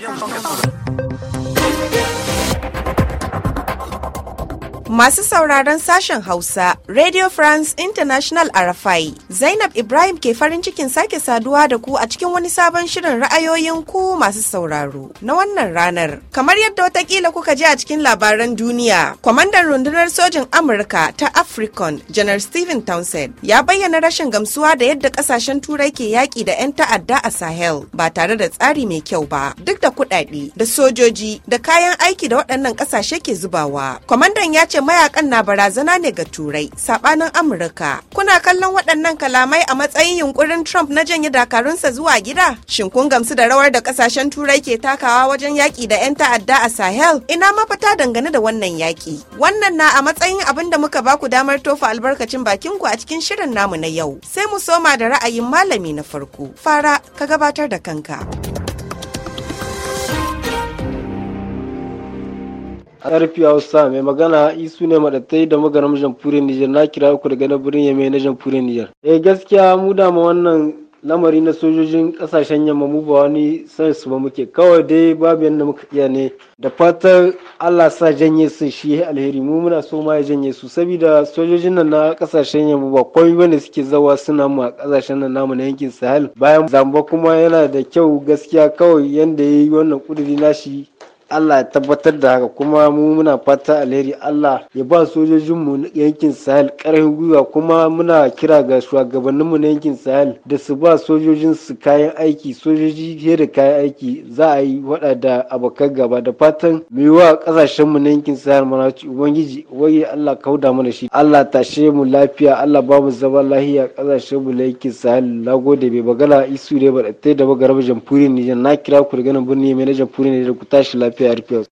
Bien Masu sauraron sashen Hausa, Radio France International RFI, Zainab Ibrahim ke farin cikin sake saduwa da ku a cikin wani sabon shirin ra'ayoyin ku masu sauraro na wannan ranar. Kamar yadda watakila kuka ji a cikin labaran duniya, kwamandan rundunar sojin Amurka ta African, Janar Stephen Townsend, ya bayyana rashin gamsuwa da yadda kasashen Turai ke yaƙi da 'yan ta'adda a Sahel ba tare da tsari mai kyau ba, duk da kuɗaɗe, da sojoji, da kayan aiki da waɗannan ƙasashe ke zubawa. Kwamandan ya ce ce mayakan na barazana ne ga turai sabanin amurka kuna kallon waɗannan kalamai a matsayin yunkurin trump na janye dakarunsa zuwa gida shin kun gamsu da rawar da kasashen turai ke takawa wajen yaƙi da 'yan ta'adda a sahel ina mafita dangane da wannan yaƙi wannan na a matsayin abin da muka baku damar tofa albarkacin bakin ku a cikin shirin namu na yau sai mu soma da ra'ayin malami na farko fara ka gabatar da kanka. arfi Hausa mai magana isu ne madattai da magaram jamhuriyar Nijar na kira uku daga na birnin Yamai na jamhuriyar Nijar. Eh gaskiya mu da ma wannan lamari na sojojin kasashen yamma mu ba wani san su ba muke kawai dai babu yadda muka iya ne da fatan Allah sa janye su shi alheri mu muna so ma ya janye su saboda sojojin nan na kasashen yamma ba kwai wanda suke zawa suna mu a kasashen nan namu na yankin Sahel bayan zamba kuma yana da kyau gaskiya kawai yanda yayi wannan na nashi Allah ya tabbatar da haka kuma mu muna fata alheri Allah ya ba sojojinmu na yankin Sahel ƙarfin gwiwa kuma muna kira ga shugabanninmu na yankin Sahel da su ba sojojin su kayan aiki sojoji ke da kayan aiki za a yi wada da abokan gaba da fatan mu yi wa ƙasashenmu na yankin Sahel mana ubangiji wai Allah kauda mana shi Allah tashe mu lafiya Allah ba mu zama lahiya ƙasashenmu na yankin Sahel nagode bai bagala isu ne ba da ta da bagaraba jamhuriyar Nijar na kira ku daga nan birni mai na jamhuriyar Nijar ku tashi lafiya प्यार किया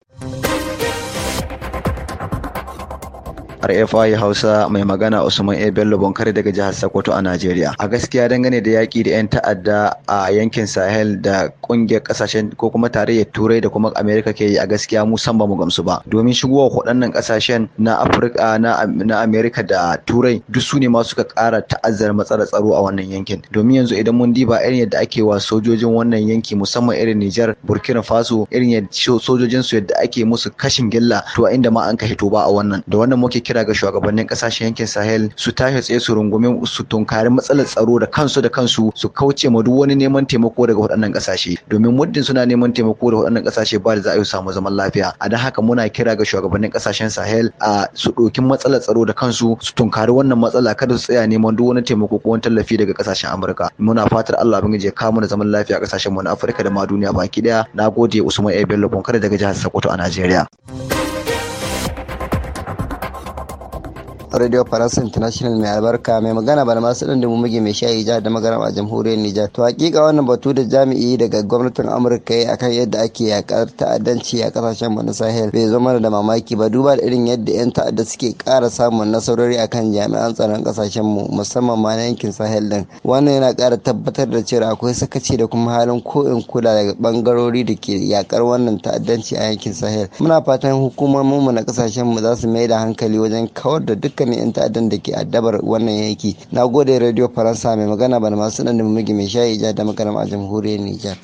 RFI Hausa mai magana Usman A Bello Bonkare daga jihar Sokoto a Najeriya. A gaskiya dangane da yaƙi da 'yan ta'adda a yankin Sahel da ƙungiyar ƙasashen ko kuma tarayyar Turai da kuma Amerika ke yi a gaskiya mu san ba mu gamsu ba. Domin shigowa waɗannan ƙasashen na Afirka na na Amerika da Turai duk su ne ma suka ƙara ta'azzar matsalar tsaro a wannan yankin. Domin yanzu idan mun diba irin yadda ake wa sojojin wannan yanki musamman irin Nijar, Burkina Faso irin yadda sojojin su yadda ake musu kashin gilla to inda ma an ka hito ba a wannan. Da wannan muke kira kira ga shugabannin kasashen yankin Sahel su tashi tsaye su rungume su tunkari matsalar tsaro da kansu da kansu su kauce ma duk wani neman taimako daga waɗannan kasashe domin muddin suna neman taimako da waɗannan kasashe ba da za a yi samu zaman lafiya a dan haka muna kira ga shugabannin kasashen Sahel a su ɗokin matsalar tsaro da kansu su tunkari wannan matsala kada su tsaya neman duk wani taimako ko wani tallafi daga kasashen Amurka muna fatar Allah abin ya kawo mana zaman lafiya a kasashen mu na Afirka da ma duniya baki daya nagode Usman Ebello Bonkare daga jihar Sokoto a Najeriya. radio faransa international mai albarka mai magana bana masu dan da muge mai shayi jihar da magana a jamhuriyar nijar to hakika wannan batu da jami'i daga gwamnatin amurka ya akan yadda ake yakar ta'addanci a kasashen mu na sahel bai zama da mamaki ba duba da irin yadda yan ta'adda suke ƙara samun nasarori akan jami'an tsaron kasashen mu musamman ma na yankin sahel din wannan yana ƙara tabbatar da cewa akwai sakaci da kuma halin ko in kula daga bangarori da ke yakar wannan ta'addanci a yankin sahel muna fatan hukumomin mu na kasashen mu za su mai da hankali wajen kawar da dukkan game yan ta'addan da ke addabar wannan yanki na gode radio faransa mai magana bana masu nan da mamaki mai shayi ja da makaram a jamhuriyar nijar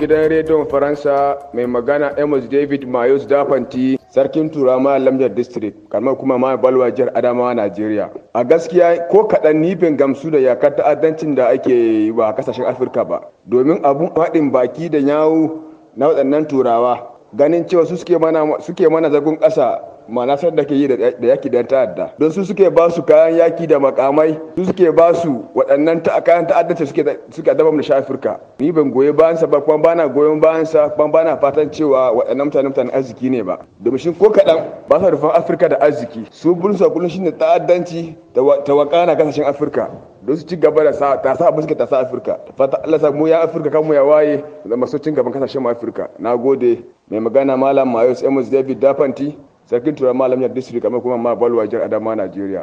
gidan rediyon faransa mai magana amos david mayos dafanti sarkin ma lamjar district kamar kuma ma balwa jihar adamawa najeriya a gaskiya ko kaɗan nifin gamsu da yakar ta'addancin da ake yi ba kasashen afirka ba domin abun haɗin baki da yawo na waɗannan turawa ganin cewa su suke mana zagon ƙasa ma'ana san da ke yi da yaki don ta'adda don su suke ba su kayan yaki da makamai su suke ba su waɗannan kayan ta'addanci suke suke daba mu da Afirka ni ban goyi bayan sa ba kuma bana goyon bayan sa kuma bana fatan cewa waɗannan mutane mutanen arziki ne ba domin shin ko kaɗan ba sa rufan Afirka da arziki su burin sa shi shine ta'addanci ta waƙana kasashen Afirka don su ci gaba da ta sa suke ta sa Afirka fata Allah sa mu ya Afirka kan mu ya waye da masu cin gaban kasashen Afirka nagode mai magana malam mayos emus David Dafanti sarkin turar malam yar district kamar kuma ma balwa jihar adama nigeria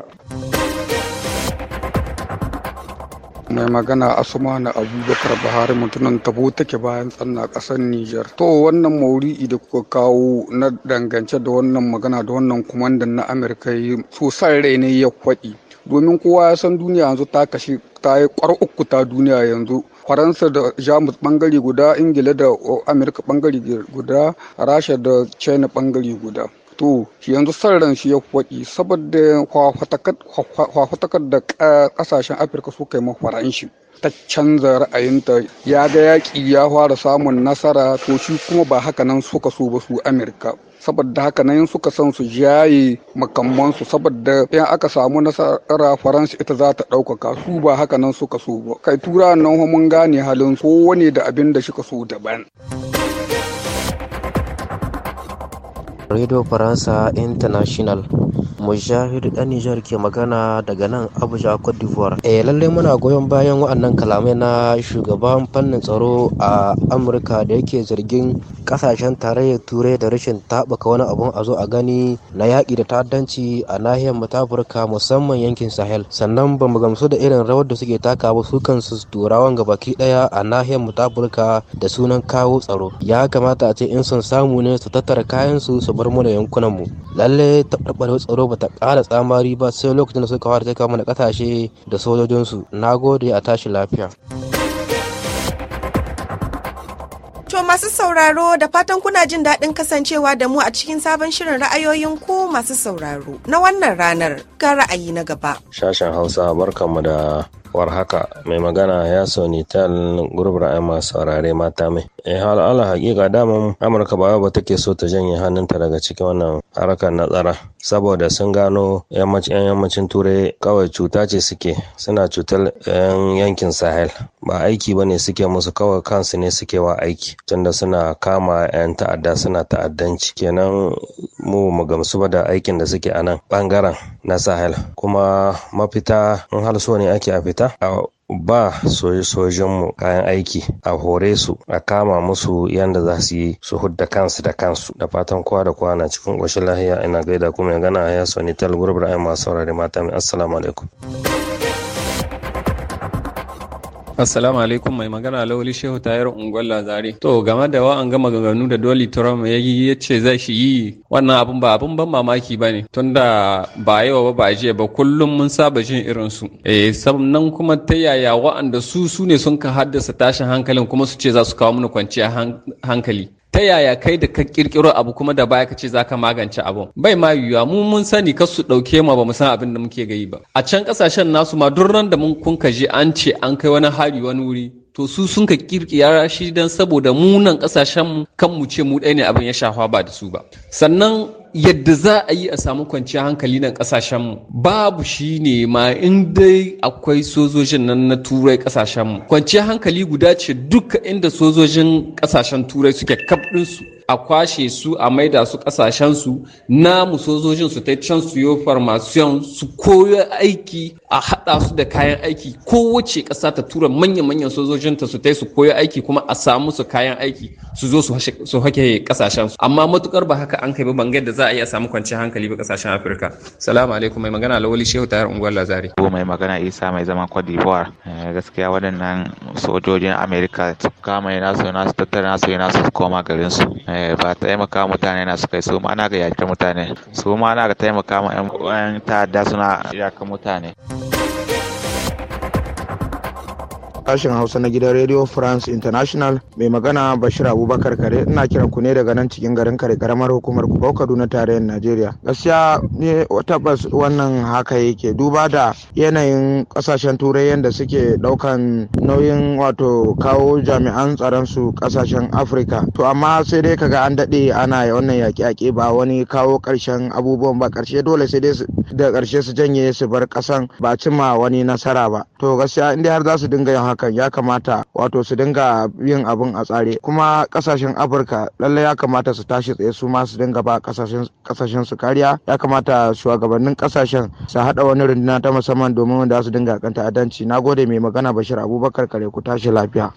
mai magana na abubakar buhari mutumin tabo take bayan tsanna kasar niger to wannan mauri'i da kuka kawo na dangance da wannan magana da wannan kumandan na amurka yi so rai ne ya kwaɗi domin kowa ya san duniya yanzu ta kashe ta yi kwar uku ta duniya yanzu faransa da jamus bangare guda ingila da amurka bangare guda rasha da china bangare guda to yanzu son ran shi ya kwaki saboda kwafatakar da kasashen afirka su kai mafaran shi ta canza ra'ayinta ya ga yaƙi ya fara samun nasara to shi kuma ba haka nan suka so ba su amurka saboda haka nan suka san su jaye makamansu saboda yan aka samu nasara faransa ita za ta ɗaukaka su ba haka nan suka so ba kai tura nan mun gane halin kowane da abin da shi so daban. Radio Faransa International. Mujahidu dan Nijar ke magana daga nan Abuja, Cote d'Ivoire. Eh lallai muna goyon bayan waɗannan kalamai na shugaban fannin tsaro a Amurka da yake zargin kasashen tarayyar Turai da rashin taɓaka wani abun a zo a gani na yaƙi da ta'addanci a nahiyar mu musamman yankin Sahel. Sannan ba mu gamsu da irin rawar da suke taka ba su kansu turawan baki ɗaya a nahiyar mu da sunan kawo tsaro. Ya kamata a ce in sun samu ne su tattara kayansu su su bar mu da yankunan mu lalle taɓarɓarewa tsaro bata kara tsamari ba sai lokacin da suka fara kawo mana ƙasashe da sojojin sojojinsu nagode a tashi lafiya To masu sauraro da fatan kuna jin daɗin kasancewa da mu a cikin sabon shirin ra'ayoyin ku masu sauraro na wannan ranar ga ra'ayi na gaba. Shashen Hausa barkanmu da war haka, mai magana ya soni tal gurbar masu saurare mata mai eh ala hakika daman amurka ba ba take so ta janye hannunta daga cikin wannan harkar na tsara saboda sun gano 'yan yammacin turai kawai cuta ce suke suna cutar yan yankin sahel ba aiki ba ne suke musu kawai kansu ne suke wa aiki tunda suna kama yan ta'adda suna ta'addanci kenan mu gamsu ba da aikin da suke a nan bangaren na sahel kuma mafita in hal so ne ake a fita a ba sojojinmu kayan aiki a hore su a kama musu yadda za su yi su hudda kansu da kansu da fatan kowa da kowa na cikin ƙoshin lahiya ina gaida kuma ya gana ya sonital gurbar ai masu saurari mata mai assalamu alaikum Assalamu alaikum mai magana Lawali Shehu Tayar Ungwal Lazare. To game da wa'an gama ganganu da Dolly Trump ya yi ya ce zai shi yi wannan abun ba abun ban mamaki ba ne tunda ba yawa ba ba jiya ba kullum mun saba jin irin su. Eh sannan kuma ta yaya wa'anda su su ne sun ka haddasa tashin hankalin kuma su ce za su kawo mana kwanciya hankali. ta yaya kai da ka kirkiro abu kuma da baya ka ce za ka magance abun bai ma yiwuwa mu mun sani ka su ɗauke ma ba mu san abin da muke gayi ba a can ƙasashen nasu ma duk ran da mun kun kaje an ce an kai wani hari wani wuri to su sun ka shi dan saboda mu nan kasashen mu kan mu ce mu ɗaya ne abin ya shafa ba da su ba sannan yadda za a yi a samu kwanciyar hankali nan kasashen mu. babu shi ne ma in dai akwai sojojin nan na turai kasashen mu. kwanciyar hankali guda ce duka inda sojojin kasashen turai suke kaf su a kwashe su a maida su kasashensu na musozojin su ta can su farmasiyon su koyo aiki a haɗa su da kayan aiki kowace kasa ta tura manya-manyan sojojinta su ta su koyo aiki kuma a samu su kayan aiki su zo su hake su. amma matukar ba haka an kai ba bangar da za a iya samu kwanciyar hankali ba kasashen afirka salamu alaikum mai magana lawali shehu tayar unguwar lazari ko mai magana isa mai zaman cote d'ivoire eh, gaskiya waɗannan sojojin america kama yana so yana su tattara yana su koma garinsu Eh, ba taimaka mutane na suka su ma ana ga yaƙi mutane su ma ana ga taimaka ma 'yan ta'adda suna yaƙi mutane. sashen Hausa na gidan Radio France International mai magana Bashir Abubakar Kare ina kiran ku ne daga nan cikin garin Kare karamar hukumar Kubau Kaduna tarayyar Najeriya. Gaskiya ne tabbas wannan haka yake duba da yanayin kasashen turai yadda suke daukan nauyin wato kawo jami'an tsaron su kasashen Afirka. To amma sai dai kaga an daɗe ana wannan yaƙe-yaƙe ba wani kawo ƙarshen abubuwan ba ƙarshe dole sai dai da ƙarshe su janye su bar ƙasan ba cima wani nasara ba. To gaskiya inda har za su dinga yin hakan ya kamata wato su dinga yin abin a tsare kuma kasashen afirka lalle ya kamata su tashi tsaye su ma su dinga ba kasashen su kariya ya kamata shugabannin kasashen su haɗa wani runduna ta musamman domin wanda su dinga kanta ta'addanci na gode mai magana bashir abubakar kare ku tashi lafiya.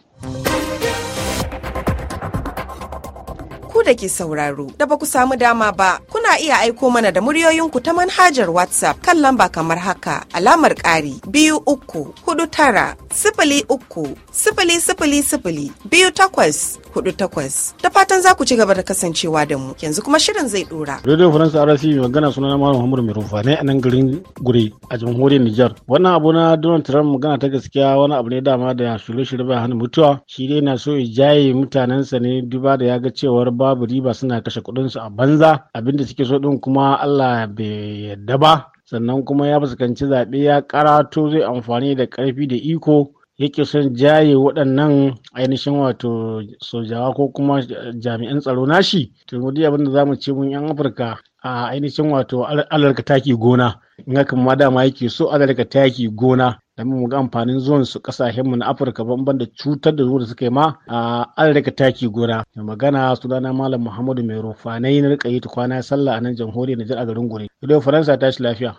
da ke sauraro da ba ku samu dama ba kuna iya aiko mana da muryoyinku ta manhajar WhatsApp kan lamba kamar haka alamar ƙari biyu uku hudu tara sifili uku sifili sifili sifili biyu takwas hudu takwas da fatan za ku ci gaba da kasancewa da mu yanzu kuma shirin zai dora. Radio Faransa RSI magana suna na Malam Muhammadu Mai ne a nan garin Gure a jamhuriyar Nijar. Wannan abu na Donald Trump magana ta gaskiya wani abu ne dama da shirye-shirye ba hana mutuwa shi dai na so ya jaye mutanensa ne duba da ya ga cewar babu babu riba suna kashe kuɗinsu a banza abinda suke so din kuma Allah bai yarda ba sannan kuma ya fuskanci zaɓe ya karato zai amfani da ƙarfi da iko yake son jaye waɗannan ainihin wato sojawa ko kuma jami'an tsaro nashi to mu abin da zamu ce mun yan afirka a ainihin wato alarka taki gona in haka ma dama yake so adalika ta yaki gona da mu ga amfanin zuwan su kasashen mu na afirka banban da cutar da zuwa da suka ma a alrika taki gona da magana sunana malam muhammadu mai rufanai na rika yi ta kwana sallah a nan jamhuriyar nijar a garin gure ido faransa tashi lafiya.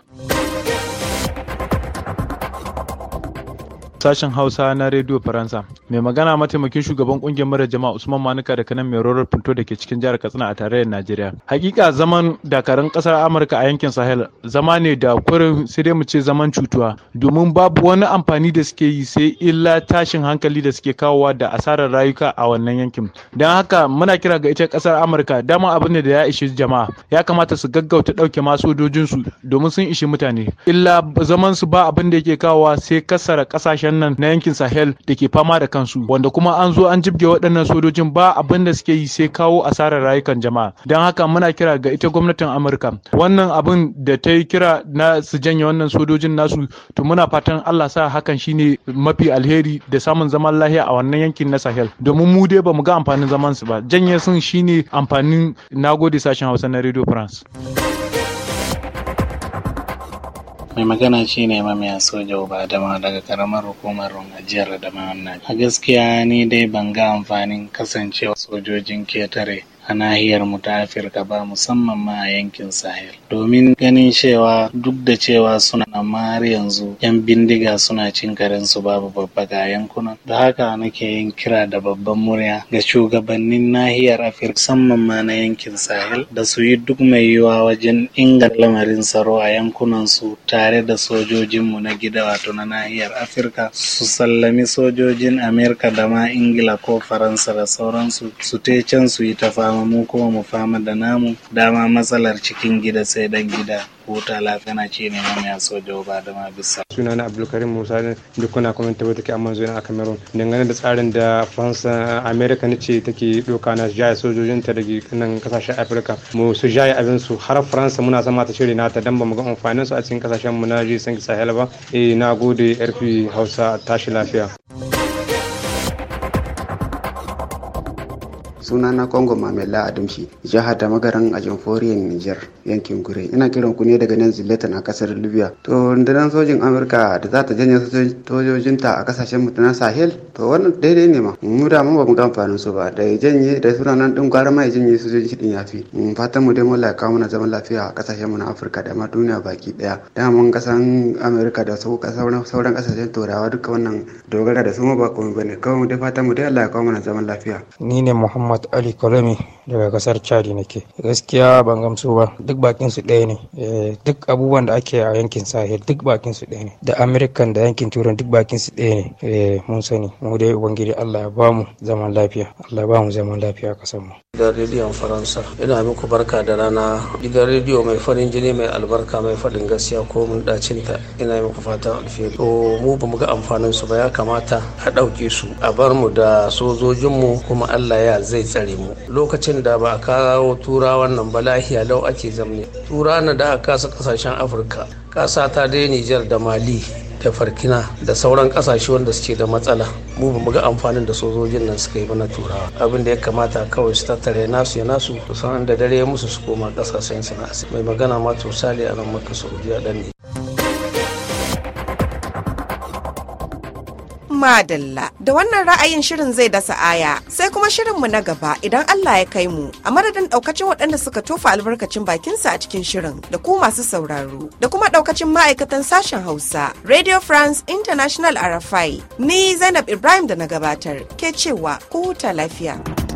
Sashen Hausa na Radio Faransa. Mai magana mataimakin shugaban kungiyar mara jama'a Usman Manuka da kanan mai rorar fito da ke cikin jihar Katsina a tarayyar Najeriya. Hakika zaman dakarun kasar Amurka a yankin Sahel zama ne da kurin sai dai mu ce zaman cutuwa domin babu wani amfani da suke yi sai illa tashin hankali da suke kawowa da asarar rayuka a wannan yankin. Don haka muna kira ga ita kasar Amurka dama abin da ya ishi jama'a ya kamata su gaggauta dauke ma sojojinsu domin sun ishi mutane. Illa zaman su ba abin da yake kawowa sai kasara kasashen kasashen nan na yankin Sahel da ke fama da kansu wanda kuma an zo an jibge waɗannan sojojin ba abin da suke yi sai kawo asarar rayukan jama'a don haka muna kira ga ita gwamnatin Amurka wannan abin da ta yi kira na su janye wannan sojojin nasu to muna fatan Allah sa hakan shine mafi alheri da samun zaman lahiya a wannan yankin na Sahel domin mu dai bamu ga amfanin zaman su ba janye sun shine amfanin nagode sashen Hausa na Radio France. Mai magana shi ne Mamiya Soja dama daga karamar hukumar ajiyar da A gaskiya ni dai ban ga amfanin kasancewa sojojin ketare a nahiyar mu ta Afirka ba musamman ma a yankin Sahel. Domin ganin cewa duk da cewa suna amma har yanzu 'yan bindiga suna cin karensu babu babba ga yankunan. Da haka nake yin kira da babban murya ga shugabannin nahiyar Afirka musamman ma na yankin Sahel da su yi duk mai yiwuwa wajen inganta lamarin tsaro a yankunan su tare da sojojin mu na gida wato na nahiyar Afirka su sallami sojojin Amerika da ma Ingila ko Faransa da sauransu su te can su yi ta fama dama mu kuma mu fama da namu dama matsalar cikin gida sai dan gida huta lafiya ce ne mai yaso ba da ma bisa suna sunana abdulkarim musa ne duk kuna kuma tabbata take amma zuwa a cameroon dangane da tsarin da faransa america ne ce take doka na jaya sojojin ta daga nan kasashen afirka mu su jaya abin su har faransa muna sama ta shiri nata dan ba mu ga amfanin su a cikin kasashen mu na ji san sahel ba eh na gode rp hausa tashi lafiya sunana kongo mamela adamshi jihar da magaran a jamforiyar niger yankin gure ina kiran ku ne daga nan zileta na kasar libya to rundunar sojin amurka da za ta janye sojojinta a kasashen mu na sahel to wannan daidai ne ma mu da mu ba mu ga amfanin su ba da ya janye da sunanan din gwara ma ya janye sojojin shi din yafi mm, fatan mu dai mu la kawo mana zaman lafiya a kasashen mu na afirka da ma duniya baki daya daman kasan amurka da sauran kasashen turawa duka wannan dogara da su ma ba komai bane kawai mu dai fatan mu dai Allah ya kawo mana zaman lafiya ni ne muhammad Ali daga kasar chadi nake gaskiya ban gamsu ba duk bakin su ɗaya ne eh, duk abubuwan da ake a yankin sahel duk bakin su ɗaya ne da american da yankin turan duk bakin su ɗaya ne eh, mun sani mu dai ubangiji allah ya bamu zaman lafiya allah ya bamu zaman lafiya a kasar mu gidan rediyon faransa ina muku barka da rana gidan rediyo mai farin jini mai albarka mai faɗin gaskiya ko mun ta ina muku fatan alfiyar to mu bamu ga amfanin su ba ya kamata a ɗauke su a bar mu da sojojin mu kuma allah ya zai tsare mu lokacin lokacin da ba a kawo turawan nan ba lahiya lau ake zamne tura na da aka kasa kasashen afirka kasa ta dai nijar da mali da farkina da sauran kasashe wanda suke da matsala mu ba ga amfanin da sojojin nan suka yi ba na turawa abin da ya kamata kawai su tattare nasu ya nasu kusan da dare musu su koma kasashen su na mai magana ma to sale a nan maka saudiya dan madalla da wannan ra'ayin shirin zai dasa aya sai kuma shirinmu na gaba idan Allah ya kai mu a madadin daukacin waɗanda suka tofa albarkacin bakinsa a cikin shirin da ku masu sauraro da kuma daukacin ma'aikatan sashen Hausa Radio France International Arafai ni Zainab Ibrahim da na gabatar ke cewa ku huta lafiya.